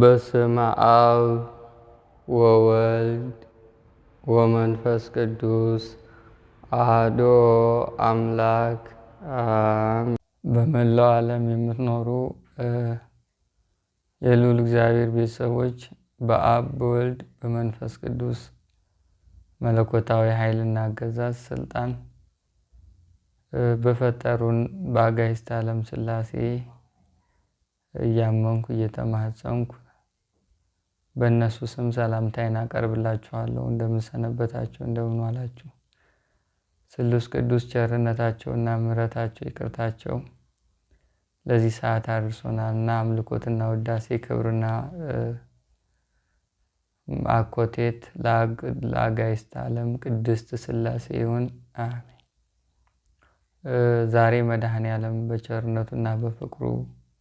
በስመ አብ ወወልድ ወመንፈስ ቅዱስ አሐዱ አምላክ። በመላው ዓለም የምትኖሩ የልዑል እግዚአብሔር ቤተሰቦች በአብ በወልድ በመንፈስ ቅዱስ መለኮታዊ ኃይልና አገዛዝ ስልጣን በፈጠሩን በአጋዕዝተ ዓለም ሥላሴ እያመንኩ እየተማጸንኩ በእነሱ ስም ሰላምታዬን አቀርብላችኋለሁ። እንደምንሰነበታቸው እንደምን ዋላችሁ? ስሉስ ቅዱስ እና ምሕረታቸው ይቅርታቸው ለዚህ ሰዓት አድርሶናል እና አምልኮትና ውዳሴ ክብርና አኮቴት ለአጋይስት ዓለም ቅድስት ሥላሴ ይሁን አሜን። ዛሬ መድኃኔ ዓለም በቸርነቱና በፍቅሩ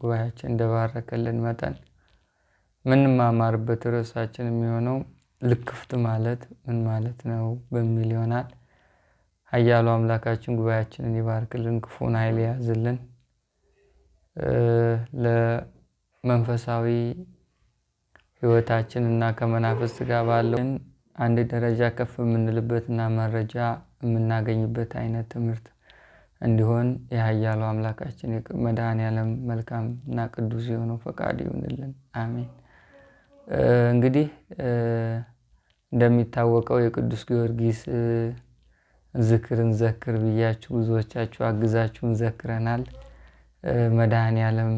ጉባኤያችን እንደባረከልን መጠን የምንማማርበት ርዕሳችን የሚሆነው ልክፍት ማለት ምን ማለት ነው በሚል ይሆናል። ኃያሉ አምላካችን ጉባኤያችንን ይባርክልን፣ ክፉን ኃይል የያዝልን፣ ለመንፈሳዊ ህይወታችን እና ከመናፍስት ጋር ባለን አንድ ደረጃ ከፍ የምንልበት እና መረጃ የምናገኝበት አይነት ትምህርት እንዲሆን የኃያሉ አምላካችን መድኃኔዓለም መልካም እና ቅዱስ የሆነው ፈቃድ ይሁንልን። አሜን። እንግዲህ እንደሚታወቀው የቅዱስ ጊዮርጊስ ዝክርን ዘክር ብያችሁ ብዙዎቻችሁ አግዛችሁን ዘክረናል። መድኃኔዓለም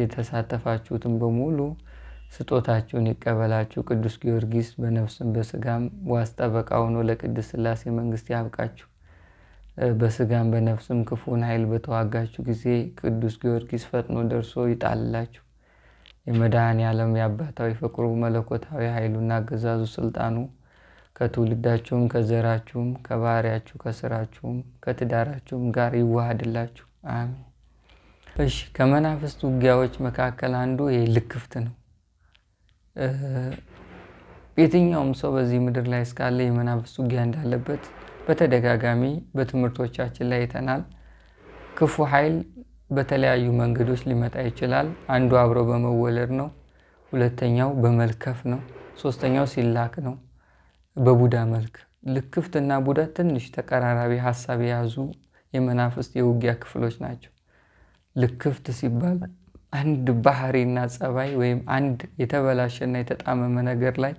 የተሳተፋችሁትን በሙሉ ስጦታችሁን ይቀበላችሁ። ቅዱስ ጊዮርጊስ በነፍስም በስጋም ዋስ ጠበቃ ሆኖ ለቅድስት ሥላሴ ያብቃችሁ። በስጋም በነፍስም ክፉን ኃይል በተዋጋችሁ ጊዜ ቅዱስ ጊዮርጊስ ፈጥኖ ደርሶ ይጣልላችሁ። የመድኃኔ ዓለም የአባታዊ ፍቅሩ መለኮታዊ ኃይሉና አገዛዙ ስልጣኑ ከትውልዳችሁም ከዘራችሁም ከባህሪያችሁ ከስራችሁም ከትዳራችሁም ጋር ይዋሃድላችሁ። አሜን። እሺ፣ ከመናፍስት ውጊያዎች መካከል አንዱ ይህ ልክፍት ነው። የትኛውም ሰው በዚህ ምድር ላይ እስካለ የመናፍስት ውጊያ እንዳለበት በተደጋጋሚ በትምህርቶቻችን ላይ አይተናል። ክፉ ኃይል በተለያዩ መንገዶች ሊመጣ ይችላል። አንዱ አብሮ በመወለድ ነው። ሁለተኛው በመልከፍ ነው። ሶስተኛው ሲላክ ነው። በቡዳ መልክ ልክፍትና ቡዳ ትንሽ ተቀራራቢ ሀሳብ የያዙ የመናፍስት የውጊያ ክፍሎች ናቸው። ልክፍት ሲባል አንድ ባህሪና ጸባይ ወይም አንድ የተበላሸና የተጣመመ ነገር ላይ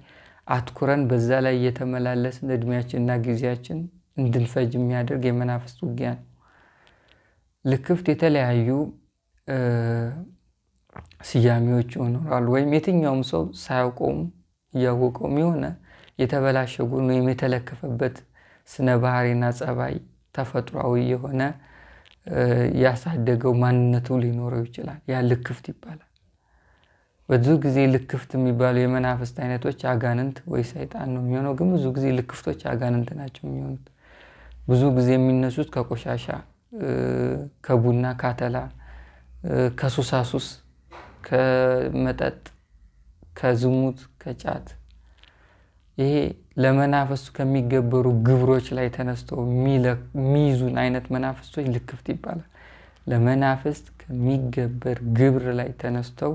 አትኩረን በዛ ላይ እየተመላለስን እድሜያችንና ጊዜያችን እንድንፈጅ የሚያደርግ የመናፍስት ውጊያ ነው። ልክፍት የተለያዩ ስያሜዎች ይኖራሉ። ወይም የትኛውም ሰው ሳያውቀውም እያወቀውም የሆነ የተበላሸ ጎን ወይም የተለከፈበት ስነ ባህሪና ጸባይ ተፈጥሯዊ የሆነ ያሳደገው ማንነቱ ሊኖረው ይችላል። ያ ልክፍት ይባላል። ብዙ ጊዜ ልክፍት የሚባሉ የመናፍስት አይነቶች አጋንንት ወይ ሰይጣን ነው የሚሆነው። ግን ብዙ ጊዜ ልክፍቶች አጋንንት ናቸው የሚሆኑት። ብዙ ጊዜ የሚነሱት ከቆሻሻ፣ ከቡና፣ ካተላ፣ ከሱሳሱስ፣ ከመጠጥ፣ ከዝሙት፣ ከጫት ይሄ ለመናፈሱ ከሚገበሩ ግብሮች ላይ ተነስተው የሚይዙን አይነት መናፍስቶች ልክፍት ይባላል። ለመናፍስት ከሚገበር ግብር ላይ ተነስተው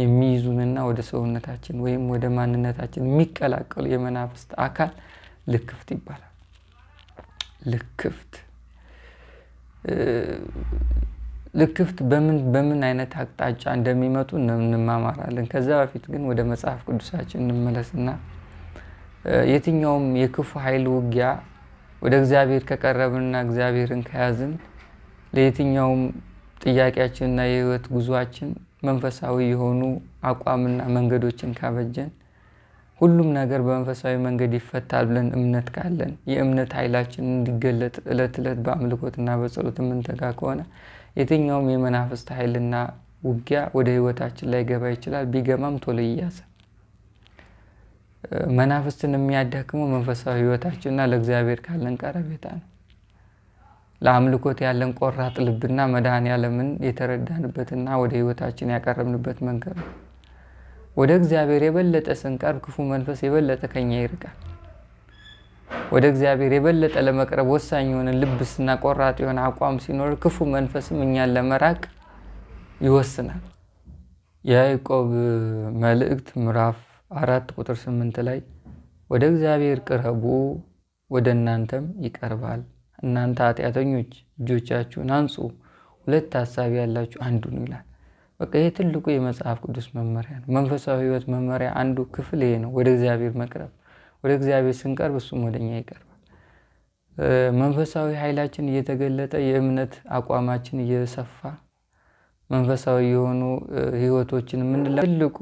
የሚይዙንና ወደ ሰውነታችን ወይም ወደ ማንነታችን የሚቀላቀሉ የመናፍስት አካል ልክፍት ይባላል። ልክፍት ልክፍት በምን በምን አይነት አቅጣጫ እንደሚመጡ እንማማራለን። ከዛ በፊት ግን ወደ መጽሐፍ ቅዱሳችን እንመለስና የትኛውም የክፉ ኃይል ውጊያ ወደ እግዚአብሔር ከቀረብንና እግዚአብሔርን ከያዝን ለየትኛውም ጥያቄያችንና የህይወት ጉዟችን መንፈሳዊ የሆኑ አቋምና መንገዶችን ካበጀን ሁሉም ነገር በመንፈሳዊ መንገድ ይፈታል ብለን እምነት ካለን የእምነት ኃይላችን እንዲገለጥ እለት እለት በአምልኮትና በጸሎት የምንተጋ ከሆነ የትኛውም የመናፍስት ኃይልና ውጊያ ወደ ህይወታችን ላይ ገባ ይችላል። ቢገባም ቶሎ እያዘ መናፍስትን የሚያዳክመው መንፈሳዊ ህይወታችንና ለእግዚአብሔር ካለን ቀረቤታ ነው። ለአምልኮት ያለን ቆራጥ ልብና መድኃኔ ያለምን የተረዳንበትና ወደ ህይወታችን ያቀረብንበት መንገድ ነው። ወደ እግዚአብሔር የበለጠ ስንቀርብ ክፉ መንፈስ የበለጠ ከኛ ይርቃል። ወደ እግዚአብሔር የበለጠ ለመቅረብ ወሳኝ የሆነ ልብስና ቆራጥ የሆነ አቋም ሲኖር ክፉ መንፈስም እኛን ለመራቅ ይወስናል። የያዕቆብ መልእክት ምዕራፍ አራት ቁጥር ስምንት ላይ ወደ እግዚአብሔር ቅረቡ ወደ እናንተም ይቀርባል። እናንተ ኃጢአተኞች እጆቻችሁን አንጹ፣ ሁለት ሀሳብ ያላችሁ አንዱን ይላል። በቃ ይሄ ትልቁ የመጽሐፍ ቅዱስ መመሪያ ነው። መንፈሳዊ ህይወት መመሪያ አንዱ ክፍል ይሄ ነው። ወደ እግዚአብሔር መቅረብ፣ ወደ እግዚአብሔር ስንቀርብ እሱም ወደ ይቀርባል። መንፈሳዊ ኃይላችን እየተገለጠ የእምነት አቋማችን እየሰፋ መንፈሳዊ የሆኑ ህይወቶችን የምንላ ትልቁ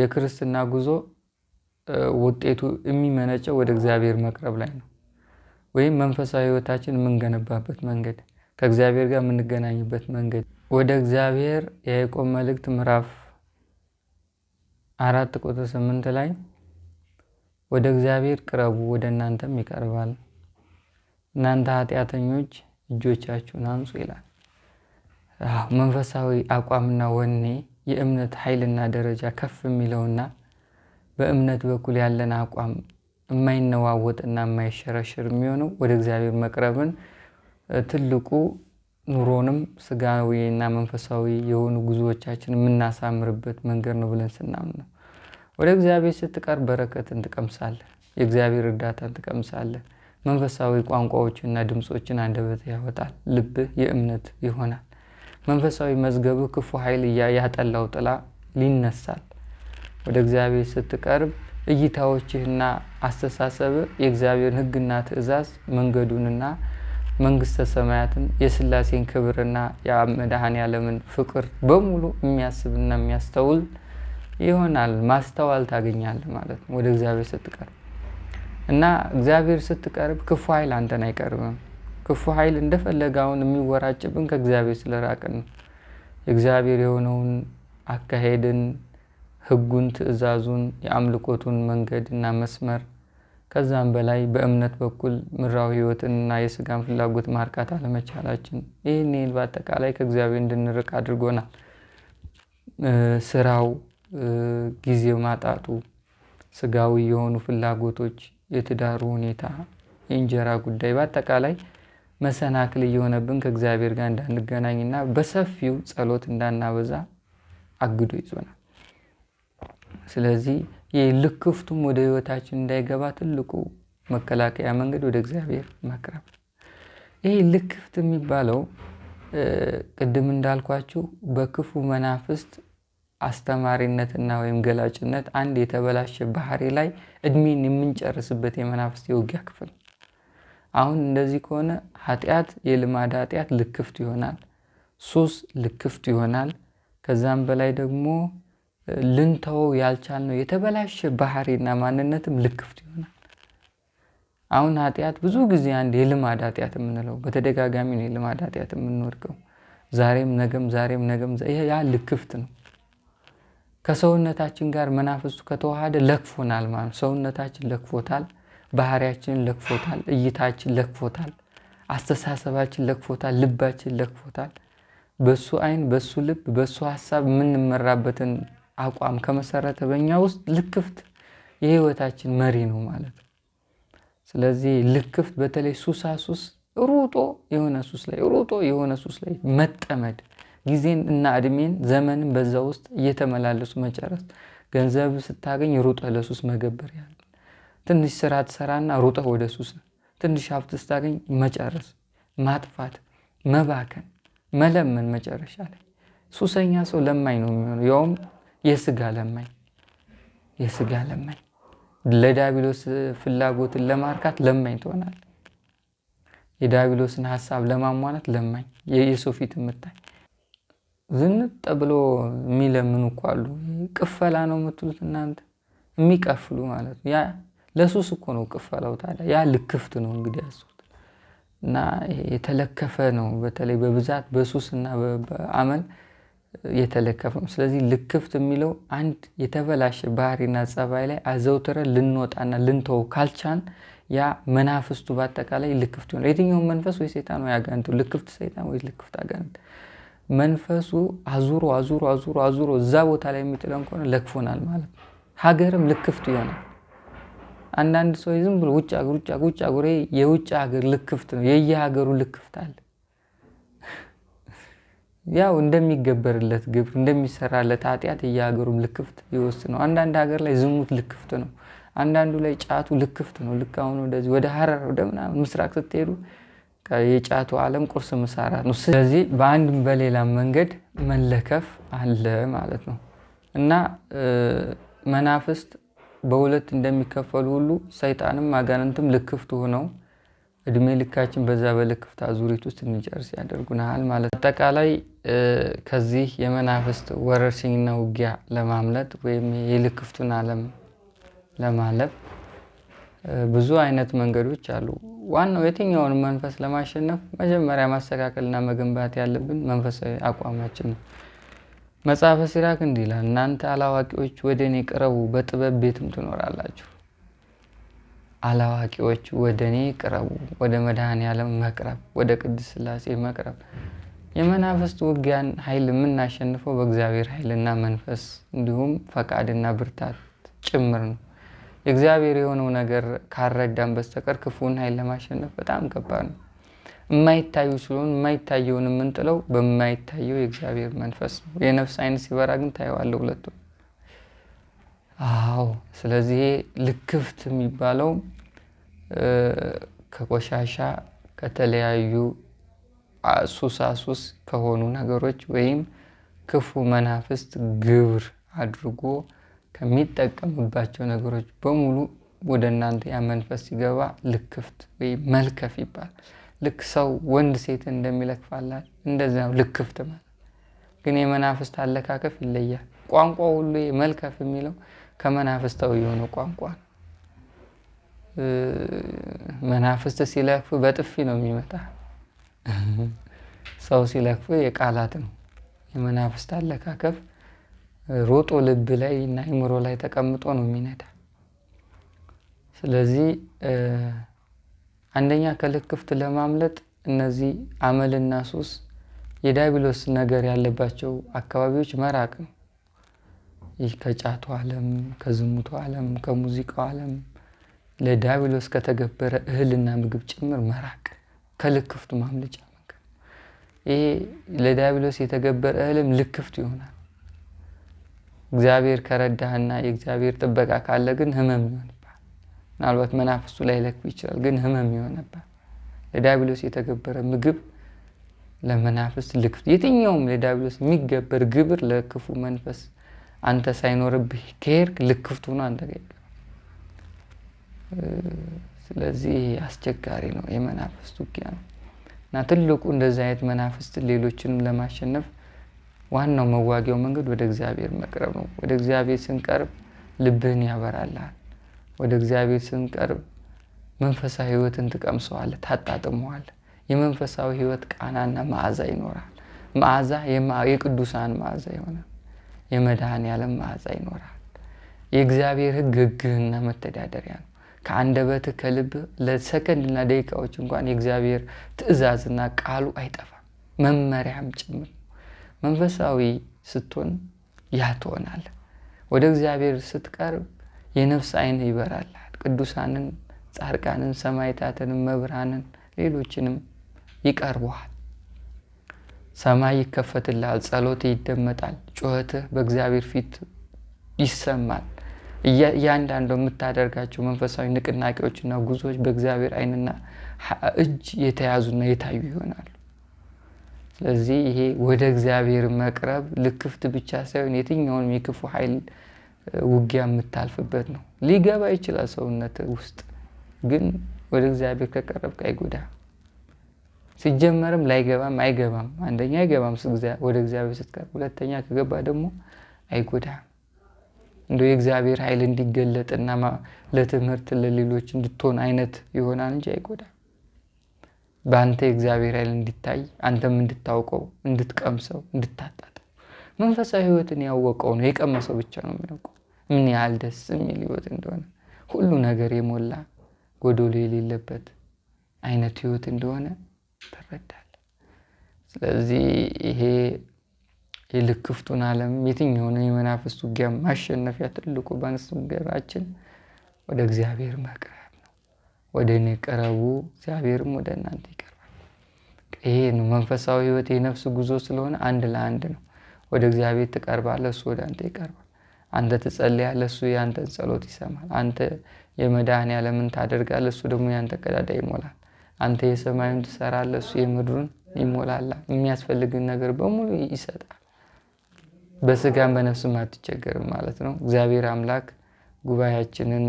የክርስትና ጉዞ ውጤቱ የሚመነጨው ወደ እግዚአብሔር መቅረብ ላይ ነው። ወይም መንፈሳዊ ህይወታችን የምንገነባበት መንገድ ከእግዚአብሔር ጋር የምንገናኝበት መንገድ ወደ እግዚአብሔር የያዕቆብ መልእክት ምዕራፍ አራት ቁጥር ስምንት ላይ ወደ እግዚአብሔር ቅረቡ ወደ እናንተም ይቀርባል፣ እናንተ ኃጢአተኞች እጆቻችሁን አንጹ ይላል። መንፈሳዊ አቋምና ወኔ የእምነት ኃይልና ደረጃ ከፍ የሚለውና በእምነት በኩል ያለን አቋም የማይነዋወጥና የማይሸረሽር የሚሆነው ወደ እግዚአብሔር መቅረብን ትልቁ ኑሮንም ስጋዊ እና መንፈሳዊ የሆኑ ጉዞዎቻችን የምናሳምርበት መንገድ ነው ብለን ስናምን ነው። ወደ እግዚአብሔር ስትቀርብ በረከትን ትቀምሳለህ፣ የእግዚአብሔር እርዳታን ትቀምሳለህ። መንፈሳዊ ቋንቋዎችና ድምፆችን አንደበት ያወጣል፣ ልብህ የእምነት ይሆናል። መንፈሳዊ መዝገብህ ክፉ ኃይል ያጠላው ጥላ ይነሳል። ወደ እግዚአብሔር ስትቀርብ እይታዎችህና አስተሳሰብህ የእግዚአብሔርን ሕግና ትእዛዝ መንገዱንና መንግስተ ሰማያትን የስላሴን ክብርና የመድኃኔዓለምን ፍቅር በሙሉ የሚያስብና የሚያስተውል ይሆናል። ማስተዋል ታገኛለህ ማለት ነው ወደ እግዚአብሔር ስትቀርብ እና እግዚአብሔር ስትቀርብ ክፉ ኃይል አንተን አይቀርብም። ክፉ ኃይል እንደፈለገ አሁን የሚወራጭብን ከእግዚአብሔር ስለራቅን ነው። እግዚአብሔር የሆነውን አካሄድን፣ ህጉን፣ ትእዛዙን፣ የአምልኮቱን መንገድ እና መስመር ከዛም በላይ በእምነት በኩል ምድራዊ ሕይወትንና የስጋን ፍላጎት ማርካት አለመቻላችን ይህን ይህን በአጠቃላይ ከእግዚአብሔር እንድንርቅ አድርጎናል። ስራው፣ ጊዜ ማጣቱ፣ ስጋዊ የሆኑ ፍላጎቶች፣ የትዳሩ ሁኔታ፣ የእንጀራ ጉዳይ በአጠቃላይ መሰናክል እየሆነብን ከእግዚአብሔር ጋር እንዳንገናኝና በሰፊው ጸሎት እንዳናበዛ አግዶ ይዞናል። ስለዚህ ልክፍቱም ወደ ህይወታችን እንዳይገባ ትልቁ መከላከያ መንገድ ወደ እግዚአብሔር ማቅረብ። ይህ ልክፍት የሚባለው ቅድም እንዳልኳችሁ በክፉ መናፍስት አስተማሪነትና ወይም ገላጭነት አንድ የተበላሸ ባህሪ ላይ እድሜን የምንጨርስበት የመናፍስት የውጊያ ክፍል። አሁን እንደዚህ ከሆነ ኃጢአት፣ የልማድ ኃጢአት ልክፍት ይሆናል። ሱስ ልክፍት ይሆናል። ከዛም በላይ ደግሞ ያልቻል ነው የተበላሸ ባህሪና ማንነትም ልክፍት ይሆናል። አሁን ኃጢአት ብዙ ጊዜ አንድ የልማድ ኃጢአት የምንለው በተደጋጋሚ ነው። የልማድ ኃጢአት የምንወድቀው ዛሬም ነገም፣ ዛሬም ነገም፣ ያ ልክፍት ነው። ከሰውነታችን ጋር መናፍስቱ ከተዋሃደ ለክፎናል ማለት ሰውነታችን ለክፎታል፣ ባህሪያችንን ለክፎታል፣ እይታችን ለክፎታል፣ አስተሳሰባችን ለክፎታል፣ ልባችን ለክፎታል። በሱ አይን፣ በሱ ልብ፣ በሱ ሀሳብ የምንመራበትን አቋም ከመሰረተ በእኛ ውስጥ ልክፍት የህይወታችን መሪ ነው ማለት ነው። ስለዚህ ልክፍት በተለይ ሱሳሱስ ሩጦ የሆነ ሱስ ላይ ሩጦ የሆነ ሱስ ላይ መጠመድ ጊዜን እና እድሜን ዘመንን በዛ ውስጥ እየተመላለሱ መጨረስ። ገንዘብ ስታገኝ ሩጠ ለሱስ መገበር ያለ ትንሽ ስራ ትሰራና ሩጠ ወደ ሱስ፣ ትንሽ ሀብት ስታገኝ መጨረስ፣ ማጥፋት፣ መባከን፣ መለመን መጨረሻ ላይ ሱሰኛ ሰው ለማኝ ነው የሚሆነው ያውም የስጋ ለማኝ የስጋ ለማኝ ለዳቢሎስ ፍላጎትን ለማርካት ለማኝ ትሆናል። የዳቢሎስን ሀሳብ ለማሟላት ለማኝ፣ የሰው ፊት የምታይ ዝንጥ ብሎ የሚለምኑ እኮ አሉ። ቅፈላ ነው የምትሉት እናንተ የሚቀፍሉ ማለት ነው። ያ ለሱስ እኮ ነው ቅፈላው። ታዲያ ያ ልክፍት ነው እንግዲህ ያሱት እና የተለከፈ ነው። በተለይ በብዛት በሱስ እና በአመል የተለከፈ ስለዚህ ልክፍት የሚለው አንድ የተበላሸ ባህሪና ጸባይ ላይ አዘውትረን ልንወጣና ልንተው ካልቻን ያ መናፍስቱ በአጠቃላይ ልክፍት ይሆናል። የትኛውም መንፈስ ወይ ሰይጣን ወይ አጋንንቱ ልክፍት ሰይጣን ወይ ልክፍት አጋንንት መንፈሱ አዙሮ አዙሮ አዙሮ አዙሮ እዛ ቦታ ላይ የሚጥለን ከሆነ ለክፎናል ማለት ነው። ሀገርም ልክፍት ይሆናል። አንዳንድ ሰው ዝም ብሎ ውጭ ሀገር ውጭ ሀገር የውጭ ሀገር ልክፍት ነው። የየሀገሩ ልክፍት አለ። ያው እንደሚገበርለት ግብር እንደሚሰራለት ኃጢአት የሀገሩም ልክፍት ይወስድ ነው። አንዳንድ ሀገር ላይ ዝሙት ልክፍት ነው። አንዳንዱ ላይ ጫቱ ልክፍት ነው። ልክ አሁን ወደዚህ ወደ ሀረር ወደ ምናምን ምስራቅ ስትሄዱ የጫቱ ዓለም ቁርስ ምሳ ነው። ስለዚህ በአንድም በሌላ መንገድ መለከፍ አለ ማለት ነው እና መናፍስት በሁለት እንደሚከፈሉ ሁሉ ሰይጣንም አጋንንትም ልክፍት ሆነው እድሜ ልካችን በዛ በልክፍት አዙሪት ውስጥ እንጨርስ ያደርጉናል ማለት ነው። አጠቃላይ ከዚህ የመናፍስት ወረርሽኝና ውጊያ ለማምለጥ ወይም የልክፍቱን ዓለም ለማለፍ ብዙ አይነት መንገዶች አሉ። ዋናው የትኛውን መንፈስ ለማሸነፍ መጀመሪያ ማስተካከልና መገንባት ያለብን መንፈሳዊ አቋማችን ነው። መጽሐፈ ሲራክ እንዲህ ይላል፣ እናንተ አላዋቂዎች ወደ እኔ ቅረቡ፣ በጥበብ ቤትም ትኖራላችሁ። አላዋቂዎች ወደ እኔ ቅረቡ፣ ወደ መድኃኔ ዓለም መቅረብ፣ ወደ ቅዱስ ሥላሴ መቅረብ። የመናፍስት ውጊያን ኃይል የምናሸንፈው በእግዚአብሔር ኃይልና መንፈስ እንዲሁም ፈቃድና ብርታት ጭምር ነው። የእግዚአብሔር የሆነው ነገር ካረዳን በስተቀር ክፉን ኃይል ለማሸነፍ በጣም ከባድ ነው። የማይታዩ ስለሆን የማይታየውን የምንጥለው በማይታየው የእግዚአብሔር መንፈስ ነው። የነፍስ አይን ሲበራ ግን ታየዋለሁ ሁለቱ። አዎ፣ ስለዚህ ልክፍት የሚባለው ከቆሻሻ ከተለያዩ ሱሳሱስ ከሆኑ ነገሮች ወይም ክፉ መናፍስት ግብር አድርጎ ከሚጠቀምባቸው ነገሮች በሙሉ ወደ እናንተ ያ መንፈስ ሲገባ ልክፍት ወይም መልከፍ ይባላል። ልክ ሰው ወንድ ሴት እንደሚለክፋላት ነው። ልክፍት ማለት ግን የመናፍስት አለካከፍ ይለያል። ቋንቋ ሁሉ መልከፍ የሚለው ከመናፍስታዊ የሆነ ቋንቋ ነው። መናፍስት ሲለክፍ በጥፊ ነው የሚመጣ። ሰው ሲለክፍ የቃላት ነው። የመናፍስት አለካከፍ ሮጦ ልብ ላይ እና አይምሮ ላይ ተቀምጦ ነው የሚነዳ። ስለዚህ አንደኛ ከልክፍት ለማምለጥ እነዚህ አመልና ሱስ የዳቢሎስ ነገር ያለባቸው አካባቢዎች መራቅ ነው። ይህ ከጫቱ ዓለም፣ ከዝሙቱ ዓለም፣ ከሙዚቃው ዓለም ለዲያብሎስ ከተገበረ እህልና ምግብ ጭምር መራቅ ከልክፍቱ ማምለጫ መንገድ። ይሄ ለዲያብሎስ የተገበረ እህልም ልክፍቱ ይሆናል። እግዚአብሔር ከረዳህና የእግዚአብሔር ጥበቃ ካለ ግን ህመም ይሆንባል። ምናልባት መናፍሱ ላይ ለክፍ ይችላል፣ ግን ህመም ይሆንባል። ለዲያብሎስ የተገበረ ምግብ ለመናፍስ ልክፍት። የትኛውም ለዲያብሎስ የሚገበር ግብር ለክፉ መንፈስ አንተ ሳይኖርብህ ከሄድክ ልክፍቱ ነው አንተ ስለዚህ አስቸጋሪ ነው፣ የመናፍስት ውጊያ ነው እና ትልቁ እንደዚህ አይነት መናፍስት ሌሎችንም ለማሸነፍ ዋናው መዋጊያው መንገድ ወደ እግዚአብሔር መቅረብ ነው። ወደ እግዚአብሔር ስንቀርብ ልብህን ያበራልሃል። ወደ እግዚአብሔር ስንቀርብ መንፈሳዊ ህይወትን ትቀምሰዋለህ፣ ታጣጥመዋለህ። የመንፈሳዊ ህይወት ቃናና መዓዛ ይኖራል። መዓዛ የቅዱሳን መዓዛ የመድሃን የመድኃኔዓለም መዓዛ ይኖራል። የእግዚአብሔር ህግ ህግህና መተዳደሪያ ነው። ከልብ ለሰከንድ ለሰከንድና ደቂቃዎች እንኳን የእግዚአብሔር ትእዛዝና ቃሉ አይጠፋም፣ መመሪያም ጭምር። መንፈሳዊ ስትሆን ያ ወደ እግዚአብሔር ስትቀርብ የነፍስ ዓይን ይበራላል። ቅዱሳንን፣ ጻድቃንን፣ ሰማዕታትንም፣ መብራንን ሌሎችንም ይቀርበዋል። ሰማይ ይከፈትልሃል፣ ጸሎት ይደመጣል፣ ጩኸትህ በእግዚአብሔር ፊት ይሰማል። እያንዳንዱ የምታደርጋቸው መንፈሳዊ ንቅናቄዎችና ጉዞዎች በእግዚአብሔር አይንና እጅ የተያዙና የታዩ ይሆናሉ። ስለዚህ ይሄ ወደ እግዚአብሔር መቅረብ ልክፍት ብቻ ሳይሆን የትኛውንም የክፉ ኃይል ውጊያ የምታልፍበት ነው። ሊገባ ይችላል ሰውነት ውስጥ ግን ወደ እግዚአብሔር ከቀረብክ አይጎዳ። ሲጀመርም ላይገባም አይገባም። አንደኛ አይገባም ወደ እግዚአብሔር ስትቀርብ፣ ሁለተኛ ከገባ ደግሞ አይጎዳም። እንደ የእግዚአብሔር ኃይል እንዲገለጥና ለትምህርት ለሌሎች እንድትሆን አይነት ይሆናል እንጂ አይጎዳ። በአንተ የእግዚአብሔር ኃይል እንዲታይ አንተም እንድታውቀው፣ እንድትቀምሰው፣ እንድታጣጠው መንፈሳዊ ህይወትን ያወቀው ነው የቀመሰው ብቻ ነው የሚያውቀው ምን ያህል ደስ የሚል ህይወት እንደሆነ ሁሉ ነገር የሞላ ጎዶሎ የሌለበት አይነት ህይወት እንደሆነ ትረዳለህ። ስለዚህ ይሄ የልክ ክፍቱን ዓለም የትኛውንም የመናፍስት ውጊያ ማሸነፊያ ትልቁ በአንስት ወደ እግዚአብሔር መቅረብ ነው። ወደ እኔ ቀረቡ፣ እግዚአብሔርም ወደ እናንተ ይቀርባል። ይሄ ነው መንፈሳዊ ህይወት የነፍስ ጉዞ ስለሆነ አንድ ለአንድ ነው። ወደ እግዚአብሔር ትቀርባ እሱ ወደ አንተ ይቀርባል። አንተ ትጸልያለህ፣ እሱ የአንተን ጸሎት ይሰማል። አንተ የመድኃኔዓለምን ታደርጋ እሱ ደግሞ የአንተ ቀዳዳ ይሞላል። አንተ የሰማዩን ትሰራ እሱ የምድሩን ይሞላላ። የሚያስፈልግን ነገር በሙሉ ይሰጣል። በስጋም በነፍስም አትቸገርም ማለት ነው። እግዚአብሔር አምላክ ጉባኤያችንን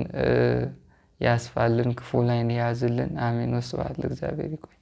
ያስፋልን፣ ክፉ ላይን የያዝልን። አሜን። ወስብሐት ለእግዚአብሔር።